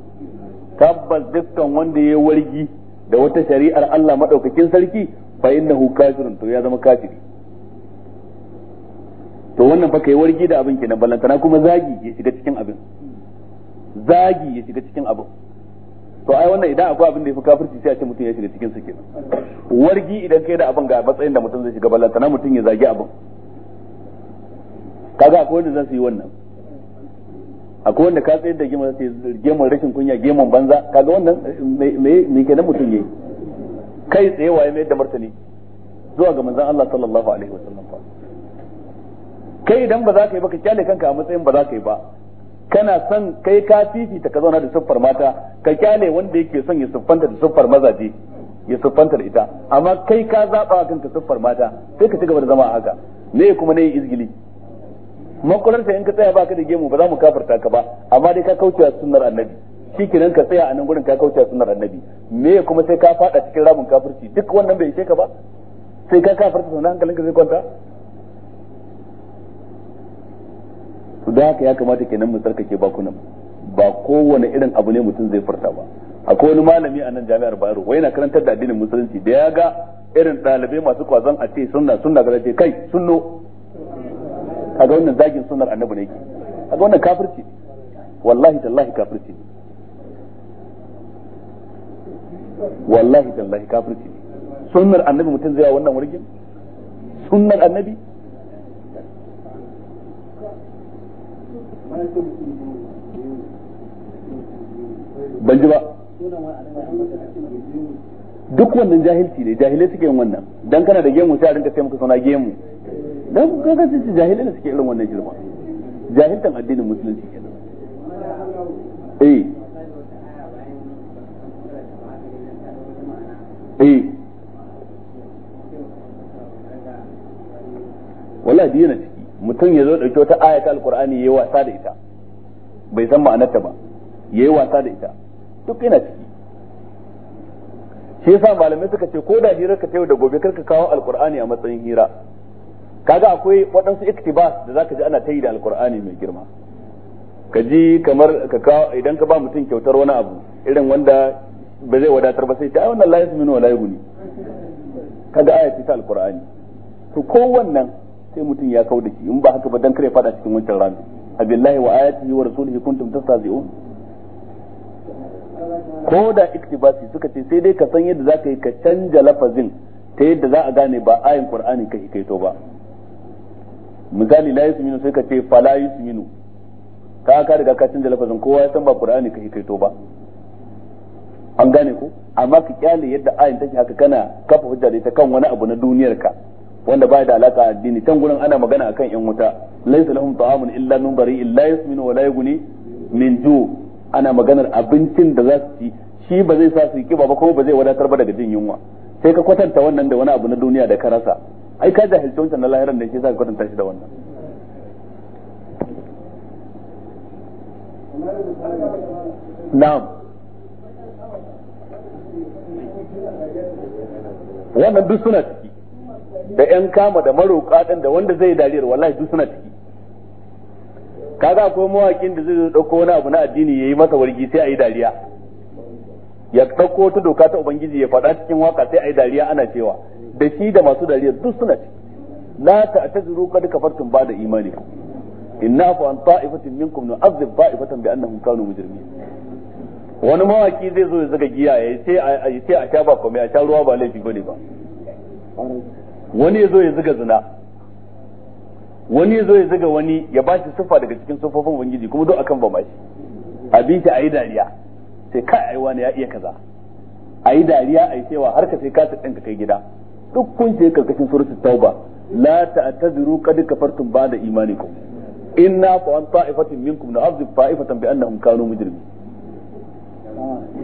tabbas dukkan wanda ya wargi da wata shari'ar Allah madaukakin sarki fa innahu kafirun to ya zama kafiri to wannan fa kai wargi da abin kenan ballantana kuma zagi ya shiga cikin to ai wannan idan akwai abin da yafi kafirci sai a ce mutum ya shiga cikin sa kenan wargi idan kai da abin ga matsayin da mutum zai shiga ballanta na mutum ya zagi abin kaga akwai wanda za yi wannan akwai wanda ka tsayar da gema sai geman rashin kunya geman banza kaga wannan me me kenan mutum yayi kai tsaye waye mai da martani zuwa ga manzon Allah sallallahu alaihi wasallam kai idan ba za ka yi ba ka kyale kanka a matsayin ba za ka yi ba kana son kai ka fifita ka zauna da siffar mata ka kyale wanda yake son ya siffanta da siffar mazaje ya siffanta da ita amma kai ka zaba kanka siffar mata sai ka ci gaba da zama a haka ne kuma ne izgili sai in ka tsaya baka da gemu ba za mu kafarta ka ba amma dai ka kaucewa sunnar annabi shikenan ka tsaya a nan gurin ka wa sunnar annabi me kuma sai ka fada cikin ramin kafirci duk wannan bai ishe ka ba sai ka kafarta sannan hankalinka zai kwanta su da haka ya kamata kenan mu tsarkake bakunan ba kowane irin abu ne mutum zai furta ba akwai wani malami a nan jami'ar Bayero wai na karantar da addinin musulunci da ya ga irin ɗalibai masu kwazon a ce sunna sunna ga ce kai sunno ga wannan zagin sunnar annabi ne ke ga wannan kafirci wallahi tallahi kafirci wallahi tallahi kafirci sunnar annabi mutum zai wa wannan wurgin sunnar annabi ban ji ba duk wannan jahilci ne jahilai suke yin wannan dan kana da gemu sai a rinka sai muka suna gemu dan kaga su jahilai ne suke irin wannan girma jahiltan addinin musulunci kenan eh eh wala diyana ce mutum ya zo dauki wata ayata ta alqur'ani yayi wasa da ita bai san ma'anarta ba yayi wasa da ita duk yana ciki shi yasa malamai suka ce ko da hirar ka ta da gobe karka kawo alqur'ani a matsayin hira kaga akwai waɗansu iktibas da zaka ji ana ta yi da alqur'ani mai girma ka ji kamar ka kawo idan ka ba mutum kyautar wani abu irin wanda ba zai wadatar ba sai ta ai wannan la yasminu wa la yughni kaga ayati ta alqur'ani to ko wannan sai mutum ya kau da shi in ba haka ba dan kare fada cikin wancan rami abillahi wa ayatihi wa rasulihi kuntum tastazi'un ko da iktibasi suka ce sai dai ka san yadda zaka yi ka canja lafazin ta yadda za a gane ba ayin qur'ani ka hikaito ba misali la yusminu sai ka ce fala yusminu ka ka riga ka canja lafazin kowa ya san ba qur'ani ka hikaito ba an gane ko amma ka kyale yadda ayin take haka kana kafa hujja da ita kan wani abu na duniyar ka wanda ba da alaka addini can gurin ana magana akan yan wuta laysa lahum ta'amun illa min bari illa yasminu wa la yughni min ju ana maganar abincin da za su ci shi ba zai sa su kiba ba kuma ba zai wadatar ba daga jin yunwa sai ka kwatanta wannan da wani abu na duniya da ka rasa ai ka jahilci wancan na lahiran da shi sa ka kwatanta shi da wannan na'am wannan duk suna ciki da ƴan kama da maroƙa ɗin da wanda zai dariyar wallahi duk suna ciki kaga akwai mawakin da zai dauko wani abu na addini yayi masa wargi sai ayi dariya ya dauko ta doka ta ubangiji ya faɗa cikin waka sai ayi dariya ana cewa da shi da masu dariya duk suna ciki la ta'tazuru qad kafartum ba'da imani inna fa an ta'ifatin minkum nu'adhib ta'ifatan bi annahum kanu mujrimin wani mawaki zai zo ya zaga giya ya sai a sha ba mai a sha ruwa ba laifi bane ba wani ya zo ya zuga zina wani ya zo ya zuga wani ya ba shi siffa daga cikin siffofin ubangiji kuma duk akan ba mashi abin shi ayi dariya sai kai yi wani ya iya kaza ayi dariya ayi cewa har ka sai ka tsin ka kai gida duk kun ce karkashin suratul tauba la ta'tadiru qad kafartum ba'da imanikum inna fa an ta'ifatin minkum na'adhib ta'ifatan bi'annahum kanu mujrimin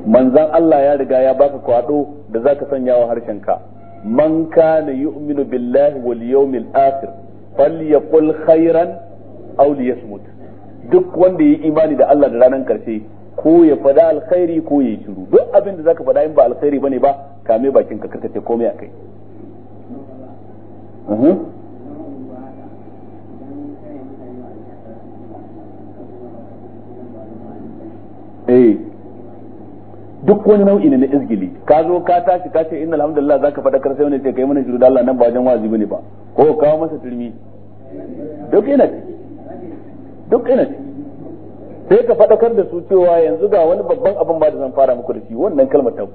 manzan Allah ya riga ya baka kwado da zaka sanya wa harshenka man kana yu'minu billahi wal yawmil akhir falyaqul khairan aw liyasmut duk wanda yayi imani da Allah da ranar karshe ko ya fada alkhairi ko ya shiru duk abin da zaka fada in ba alkhairi bane ba kame bakin ka karkace komai akai eh duk wani nau'i ne na izgili ka zo ka tashi ka ce inna alhamdulillah zaka faɗa kar sai wani ce kai mana shiru da Allah nan ba wajen wazi bane ba ko kawo masa turmi duk ina duk ina sai ka faɗakar da su cewa yanzu ga wani babban abin ba da zan fara muku da shi wannan kalmar ta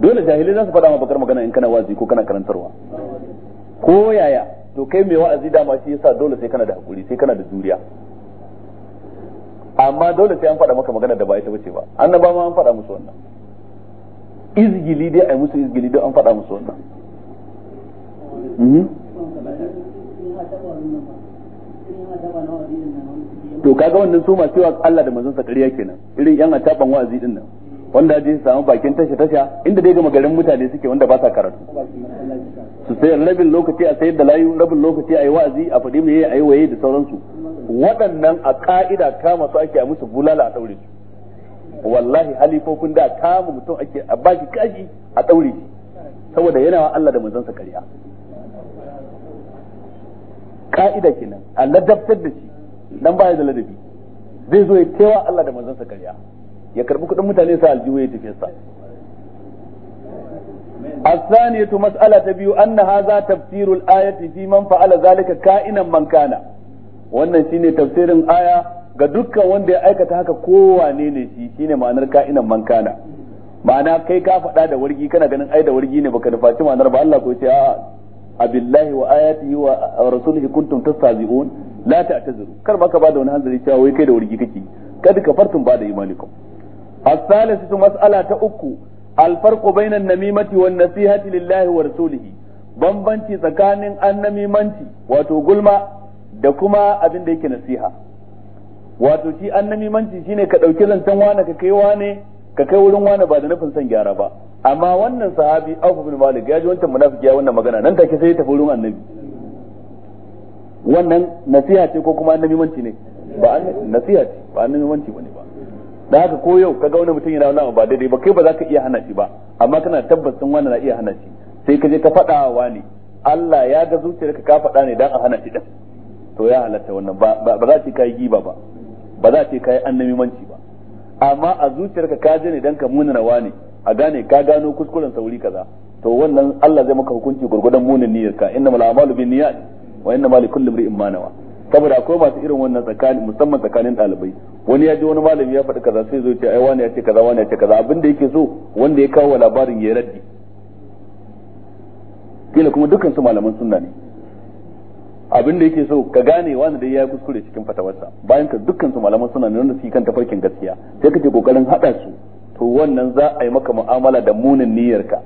dole jahilai za su faɗa ma bakar magana in kana wazi ko kana karantarwa ko yaya to kai mai wa'azi dama shi yasa dole sai kana da hakuri sai kana da juriya amma dole sai an faɗa maka magana da ba ita bace ba annaba ma an faɗa musu wannan izgili dai ai musu izgili dai an faɗa musu wannan hmm? to kaga wannan su masu cewa Allah da manzon sa ƙarya kenan irin yan ataban wa'azi din nan wanda je su samu bakin tasha tasha inda dai ga magarin mutane suke wanda ba sa karatu su sai rabin lokaci a sayar da layu rabin lokaci a yi wa'azi a faɗi mai yayi waye da sauransu waɗannan a ka'ida kama su ake a musu bulala a ɗaure su wallahi halifofin da kama mutum ake a baki kashi a ɗaure shi saboda yana wa Allah da manzansa kariya ka'ida kenan a ladabtar da shi dan baya da ladabi zai zo ya tewa Allah da manzansa kariya ya karbi kuɗin mutane sa aljihu ya tafi sa الثانية مسألة بيو أن هذا تفسير الآية في من فعل ذلك كائنا من كان wannan shine tafsirin aya ga dukkan wanda ya aikata haka kowane ne shi shine ma'anar ka'inan mankana ma'ana kai ka faɗa da wargi kana ganin ai da wargi ne baka nufaci ma'anar ba Allah ko ce a abillahi wa ayatihi wa rasulihi kuntum tastazi'un la ta'tazuru kar baka da wani hanzari cewa wai kai da wargi kake kad kafartum ba da imanikum as-salisatu mas'ala ta uku al-farqu bayna an-namimati wan-nasihati lillahi wa rasulihi bambanci tsakanin annamimanci wato gulma da kuma abin da yake nasiha wato shi manci shine ka dauki zancen wane ka kai wane ka kai wurin wane ba da nufin son gyara ba amma wannan sahabi Abu bin Malik ya ji wannan munafiki ya wannan magana nan take sai ya tafi wurin annabi wannan nasiha ce ko kuma manci ne ba nasiha ce ba manci bane ba da haka ko yau kaga wani mutum yana wani ba daidai ba kai ba za ka iya hana shi ba amma kana tabbas wani na iya hana shi sai ka je ka faɗa wa Allah ya ga zuciyarka ka faɗa ne dan a hana shi din to ya halatta wannan ba za a ce kai giba ba ba za a ce kai manci ba amma a zuciyarka ka je ne dan ka munana wani a gane ka gano kuskuren sauri kaza to wannan Allah zai maka hukunci gurgudan munin niyyar ka inna mal a'malu niyyat wa mal kulli imrin ma nawa saboda akwai masu irin wannan tsakanin musamman tsakanin ɗalibai wani ya ji wani malami ya faɗi kaza sai zo ce ai wani ya ce kaza wani ya ce kaza abinda yake so wanda ya kawo labarin ya raddi kila kuma dukkan su malaman sunna ne abin da yake so ka gane wani dai ya kuskure cikin fatawarsa bayan ka dukkan su malaman suna nuna su kan tafarkin gaskiya sai kake kokarin hada su to wannan za a yi maka mu'amala da munin niyyarka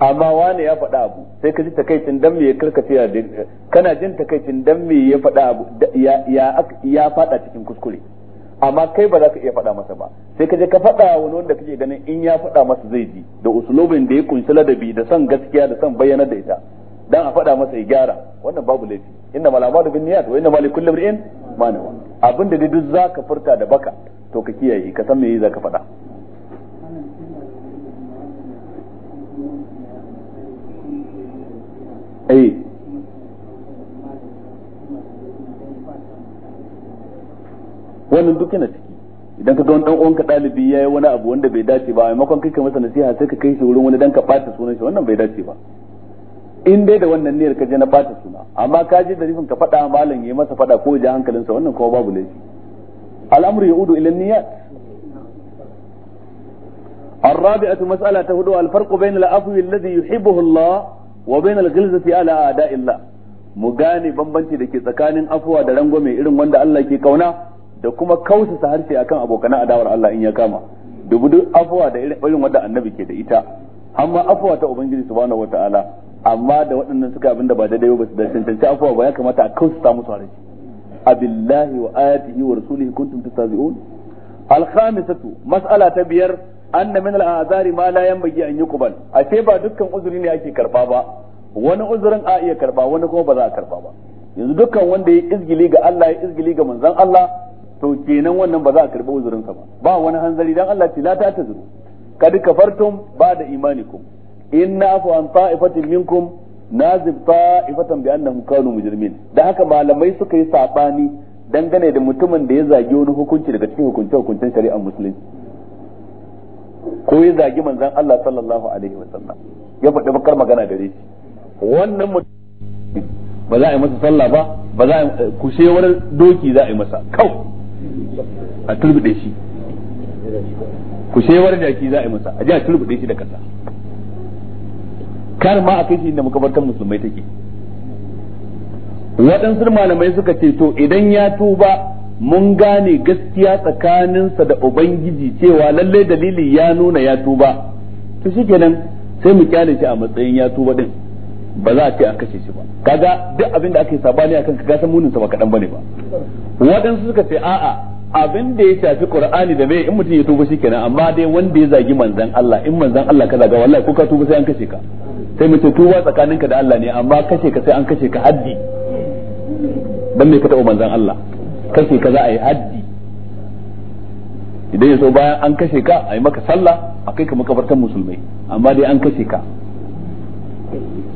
amma wani ya faɗa abu sai ka ji takaicin dan me ya karkace ya kana jin takaicin dan me ya faɗa abu ya ya faɗa cikin kuskure amma kai ba za ka iya faɗa masa ba sai ka je ka faɗa wani wanda kake ganin in ya faɗa masa zai ji da usulubin da ya kunshi ladabi da son gaskiya da son bayyana da ita dan a faɗa masa ya gyara wannan babu laifi inna mal amalu bin niyyat wa inna mal kulli mar'in ma nawa abin da duk zaka furta da baka to ka kiyaye ka san me zaka faɗa eh wannan duk yana ciki idan ka ga wani dan ka dalibi yayi wani abu wanda bai dace ba maimakon kai ka masa nasiha sai ka kai shi wurin wani dan ka bata sunan shi wannan bai dace ba in dai da wannan niyyar ka je na bata suna amma ka je da rifin ka faɗa malam yayi masa faɗa ko ja hankalinsa wannan kuma babu laifi al'amru yaudu ila niyyat الرابعة مسألة تهدو الفرق بين العفو الذي يحبه الله وبين الغلظة على أعداء الله mu gane bambanci da ke tsakanin afuwa da rangwame irin wanda Allah ke kauna da kuma kausasa harshe akan abokan adawar Allah in ya kama dubu duk afuwa da irin wanda annabi ke da ita amma afuwa ta ubangiji subhanahu wataala amma da waɗannan suka abin da ba daidai ba su da cancanci afuwa ba ya kamata a kausa musu haraji abillahi wa ayatihi wa rasulihi kuntum tastazi'un al-khamisatu mas'ala ta biyar anna min al-azari ma la yanbaghi an yuqbal ce ba dukkan uzuri ne ake karba ba wani uzurin a iya karba wani kuma ba za a karba ba yanzu dukkan wanda ya izgili ga Allah ya izgili ga manzon Allah to kenan wannan ba za a karba uzurinsa ba ba wani hanzari dan Allah ce la ta tazuru kad kafartum ba da imanikum inna fa an ta'ifatin minkum nazib ta'ifatan bi annahum kanu mujrimin da haka malamai suka yi sabani dangane da mutumin da ya zagi wani hukunci daga cikin hukuncin-hukuncin shari'ar musulunci ko ya zagi manzon Allah sallallahu alaihi wa sallam ya faɗi bakar magana gare shi wannan mutum ba za a yi masa sallah ba ba za a kushe wani doki za a yi masa kau a turbide shi kushewar jaki za a yi masa a ji a turbide shi da kasa kar ma a kai shi inda musulmai take waɗansu malamai suka ce to idan ya tuba mun gane gaskiya tsakaninsa da ubangiji cewa lalle dalili ya nuna ya tuba to shikenan sai mu kyale shi a matsayin ya tuba din ba za a ce a kashe shi ba kaga duk abin da aka yi sabani akan ka san munin sa ba kadan bane ba waɗansu suka ce a'a abin da ya shafi qur'ani da mai in mutum ya tuba shikenan amma dai wanda ya zagi manzon Allah in manzon Allah ka zaga wallahi ko ka tuba sai an kashe ka sai mu ce tuba tsakaninka da Allah ne amma kashe ka sai an kashe ka haddi dan me ka taɓa manzon Allah kashe ka za a yi haddi idan ya so bayan an kashe ka a yi maka sallah a kai ka makabartan musulmai amma dai an kashe ka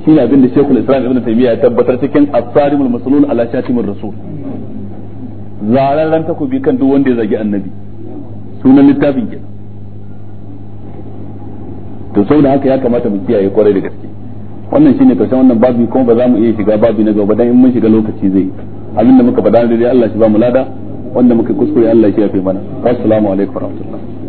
shi ne abin da shekul islam ibn taymiya ya tabbatar cikin asarimul masulul ala shatimur rasul zararren takobi kan duk wanda ya zagi annabi sunan littafin kenan to saboda haka ya kamata mu kiyaye kwarai da gaske wannan shine karshen wannan babi kuma ba za mu iya shiga babi na gaba dan in mun shiga lokaci zai abinda muka faɗa dai Allah shi ba mu lada wanda muka kuskure Allah shi ya fi mana assalamu alaikum warahmatullahi